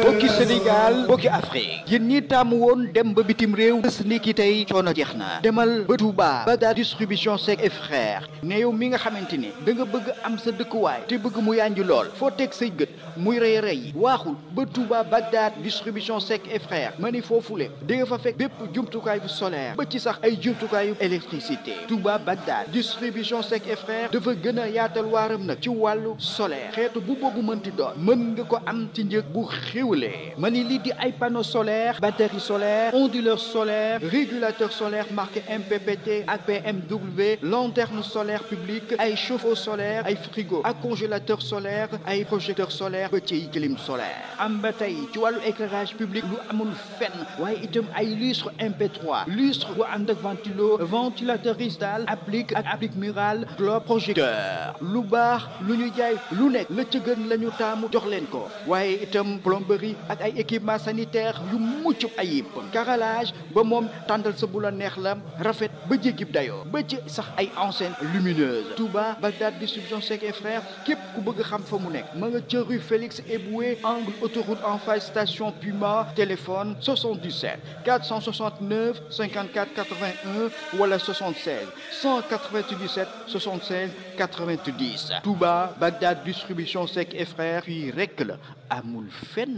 mbokki Sénégal mbokki Afrique yéen ñi tàmm woon dem ba bitim réew bés ni ki tey coono jeex na demal ba Touba Bagdad distribution Seck et frère ne yow mi nga xamante ni da nga bëgg am sa dëkkuwaay te bëgg mu yànji lool foo teg say gët muy rey rey yi waaxul ba Touba Bagdad distribution Seck et frère ma ni foofu di nga fa fekk bépp jumtukaay bu solaire ba ci sax ay jumtukaayu électricité Touba Bagdad distribution Seck et frère dafa gën a yaatal waaram nag ci wàllu solaire xeetu bu boobu mënti doon mën nga ko am ci njëg bu xewlee ma ni lii di ay panneau solaire batterie solaire onduleur solaire régulateur solaire marqué MPPT ak PMW lanterne solaire publique ay chauffe-eau solaire ay frigo ak congélateur solaire ay projecteur solaire petit clim solaire am ba tey ci wàllu éclairage public lu amul fenn waaye itam ay lustre MP3 lustre bu ànd ak ventilo ventilateur cristal applique ak applique murale globe projecteur lu baax lu ñu jaay lu nekk la ci gën la ñu taamu jox leen ko itam plomberie ak ay équipement sanitaire yu mucc ayib carrelage ba moom tàndal sa bu la neex la rafet ba jéggib dayoo ba ci sax ay enseignes lumineuses Touba Bagdad distribution Seck et frères képp ku bëgg xam fa mu nekk ma nga ca rue Félix Éboué angle autoroute en face station Puma téléphone 77 469 54 81 wala 76 197 76 90 Touba Bagdad distribution Seck et frères fii rekk la amul fenn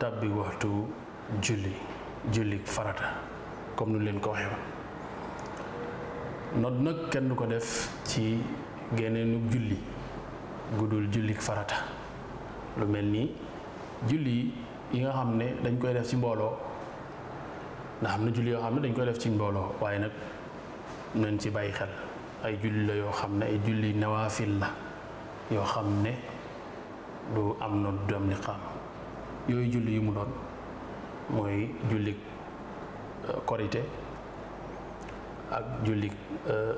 tàbbi waxtu julli julli farata comme nu leen ko waxee woon nodd nag kenn du ko def ci geneenu julli guddul julli farata lu mel ni julli yi nga xam ne dañ koy def ci mbooloo ndax am na julli yoo xam ne dañ koy def ci mbooloo waaye nag nañ ci bàyyi xel ay julli la yoo xam ne ay julli nawaafil la yoo xam ne du am noonu du am liqaam yooyu julli yu mu doon mooy julli euh, korite ak julli euh,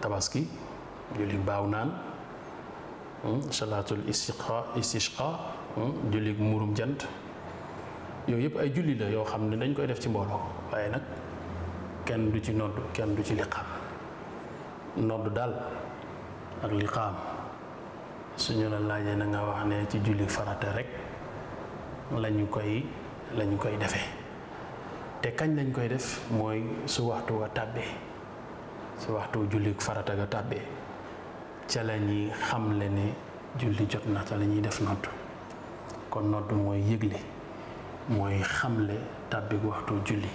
tabaski julli baaw naan hmm, salaatul istiqa istisqa hmm, julli muurum jant yooyu yëpp ay julli la yoo xam ne dañ koy def ci mbooloo waaye nag kenn du ci nodd kenn du ci liqaam nodd daal ak liqaam suñu la laajee na nga wax ne ci julli farata rek lañu koy lañu koy defe te kañ lañ koy def mooy su waxtu wa tàbbee su waxtu julli farata ga tàbbee ca la ñuy xamle ne julli jot na ca la ñuy def nodd kon nodd mooy yëgle mooy xamle tàbbi waxtu julli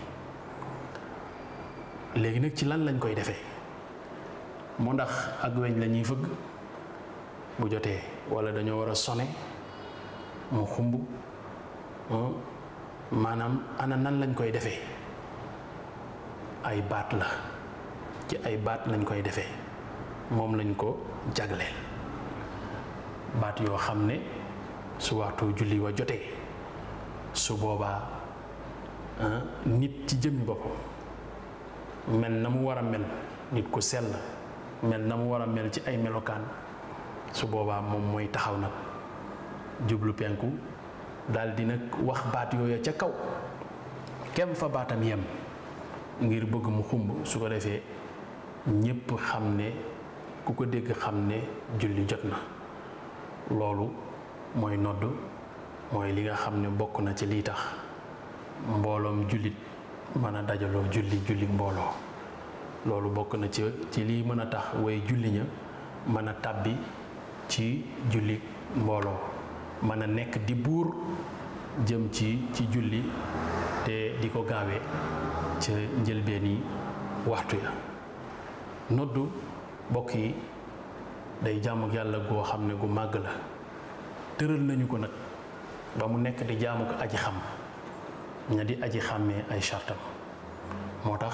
léegi nag ci lan lañ koy defee mu ndax ak weñ la fëgg bu jotee wala dañoo war a sone mu xumb maanaam ana nan lañ koy defee ay baat la ci ay baat lañ koy defee moom lañ ko jagle baat yoo xam ne su waxtu julli wa jotee su boobaa ah, nit ci jëmmi boppam mel na mu war a mel nit ku sel mel na mu war a mel ci ay melokaan su boobaa moom mooy taxaw nag jublu penku daal di nag wax baat yooya ca kaw kem fa baatam yem ngir bëgg mu xumb su ko defee ñépp xam ne ku ko dégg xam ne julli jot na loolu mooy nodd mooy li nga xam ne bokk na ci liy tax mbooloom jullit mën a dajaloo julli julli mbooloo loolu bokk na ci ci lii mën a tax way julli ña mën a tàbbi ci julli mbooloo mën a nekk di buur jëm ci ci julli te di ko gaawee ca njëlbeeni waxtu ya noddu bokk yi day jaamu yàlla goo xam ne gu màgg la tëral nañu ko nag ba mu nekk di jaamu ko aji xam ña di aji xàmmee ay chartam moo tax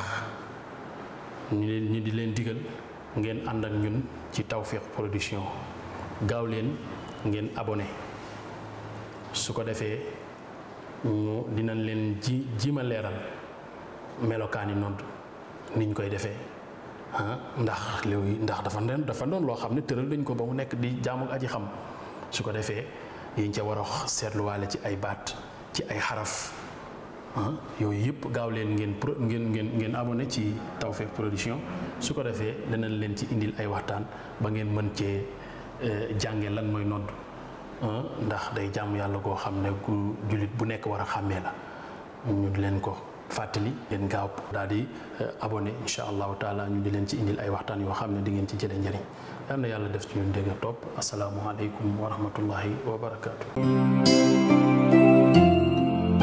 ñu leen di leen digal ngeen ànd ak ñun ci Tawfekh Production gaaw leen ngeen abonné su ko defee ñu dinañ leen ji jima leeral melokaani nodd niñ koy defee ndax léegi ndax dafa doon dafa doon loo xam ne tëral dañ ko ba mu nekk di jaamu aji xam su ko defee yiñ ca war a seetluwaale ci ay baat ci ay xaraf yooyu yëpp gaaw leen ngeen pro ngeen ngeen ngeen abonné ci Tawfekh Production su ko defee danañ leen ci indil ay waxtaan ba ngeen mën cee. Eh, jànge lan mooy nodd eh? ndax day jàmm yàlla koo xam ne ku jullit bu nekk war a xàmmee la ñu di leen ko fàttali leen gaaw daal di eh, abonné incha allahu taala ñu di leen ci indil ay waxtaan yoo xam ne di ngeen ci jëlee njëriñ yal na yàlla def ci ñu dégg topp asalaamualeykum wa rahmatullahi wa barakaatu.